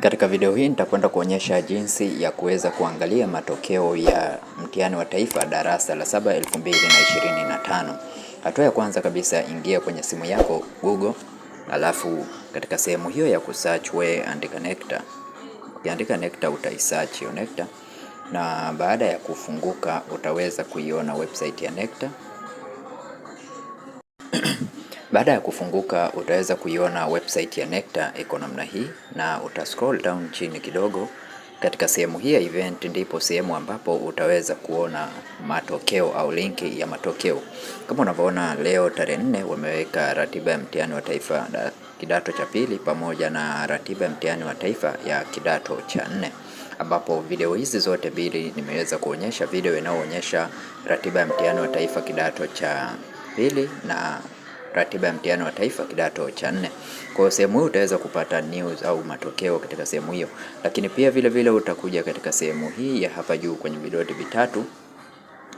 Katika video hii nitakwenda kuonyesha jinsi ya kuweza kuangalia matokeo ya mtihani wa taifa darasa la saba 2025. Hatua ya kwanza kabisa, ingia kwenye simu yako Google, alafu katika sehemu hiyo ya kusearch we andika NECTA. Ukiandika NECTA utaisearch hiyo NECTA, na baada ya kufunguka utaweza kuiona website ya NECTA baada ya kufunguka utaweza kuiona website ya Necta iko namna hii, na uta scroll down chini kidogo. Katika sehemu hii ya event ndipo sehemu ambapo utaweza kuona matokeo au linki ya matokeo. Kama unavyoona leo tarehe nne wameweka ratiba ya mtihani wa taifa da, kidato cha pili pamoja na ratiba ya mtihani wa taifa ya kidato cha nne ambapo video hizi zote mbili nimeweza kuonyesha video inayoonyesha ratiba ya mtihani wa taifa kidato cha pili na ratiba ya mtihani wa taifa kidato cha nne. Kwa sehemu hii utaweza kupata news au matokeo katika sehemu hiyo, lakini pia vile vile utakuja katika sehemu hii ya hapa juu kwenye vidoti vitatu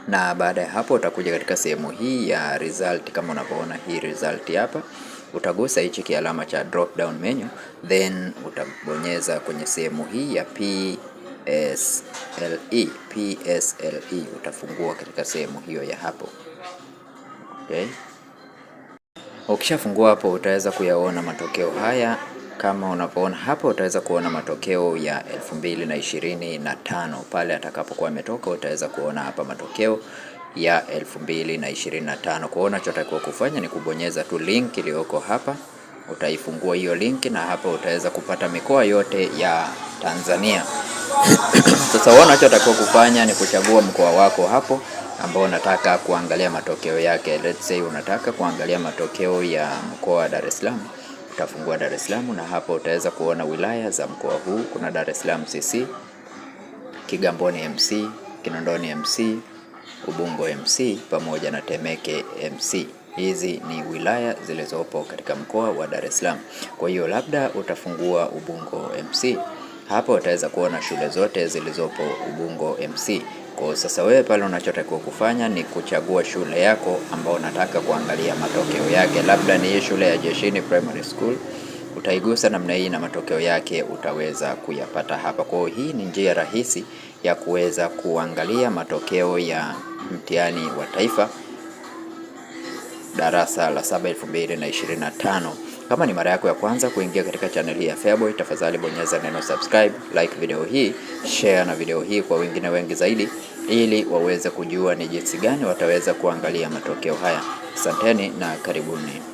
na baada ya hapo utakuja katika sehemu hii ya result. Kama unavyoona hii result hapa, utagusa hichi kialama cha drop down menu, then utabonyeza kwenye sehemu hii ya PSLE. PSLE utafungua katika sehemu hiyo ya hapo okay. Ukishafungua hapo utaweza kuyaona matokeo haya kama unapoona hapo, utaweza kuona matokeo ya elfu mbili na ishirini na tano pale atakapokuwa ametoka, utaweza kuona hapa matokeo ya elfu mbili na ishirini na tano. Kwa hiyo unachotakiwa kufanya ni kubonyeza tu link iliyoko hapa, utaifungua hiyo link na hapa utaweza kupata mikoa yote ya Tanzania. Sasa wewe unachotakiwa kufanya ni kuchagua mkoa wako hapo ambao unataka kuangalia matokeo yake. Let's say unataka kuangalia matokeo ya mkoa wa Dar es Salaam, utafungua Dar es Salaam na hapo utaweza kuona wilaya za mkoa huu. Kuna Dar es Salaam CC, Kigamboni MC, Kinondoni MC, Ubungo MC pamoja na Temeke MC. Hizi ni wilaya zilizopo katika mkoa wa Dar es Salaam. Kwa hiyo labda utafungua Ubungo MC, hapo utaweza kuona shule zote zilizopo Ubungo MC. Kwa sasa wewe pale unachotakiwa kufanya ni kuchagua shule yako ambayo unataka kuangalia matokeo yake, labda ni shule ya Jeshini Primary School utaigusa namna hii na matokeo yake utaweza kuyapata hapa. Kwa hiyo hii ni njia rahisi ya kuweza kuangalia matokeo ya mtihani wa taifa darasa la saba 2025. Kama ni mara yako ya kwanza kuingia katika chaneli ya FEABOY, tafadhali bonyeza neno subscribe, like video hii, share na video hii kwa wengine wengi zaidi, ili waweze kujua ni jinsi gani wataweza kuangalia matokeo haya. Asanteni na karibuni.